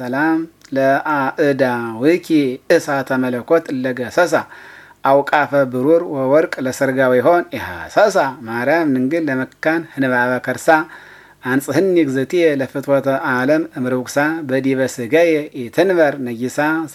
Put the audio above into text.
ሰላም ለአእዳውኪ እሳተ መለኮት ለገሰሳ አውቃፈ ብሩር ወወርቅ ለሰርጋዊ ይሆን ኢሃሰሳ ማርያም ንግል ለመካን ህንባበ ከርሳ አንጽህን ግዘትየ ለፍትወተ ዓለም እምርውክሳ በዲበ ሥጋየ ኢትንበር ነጊሳ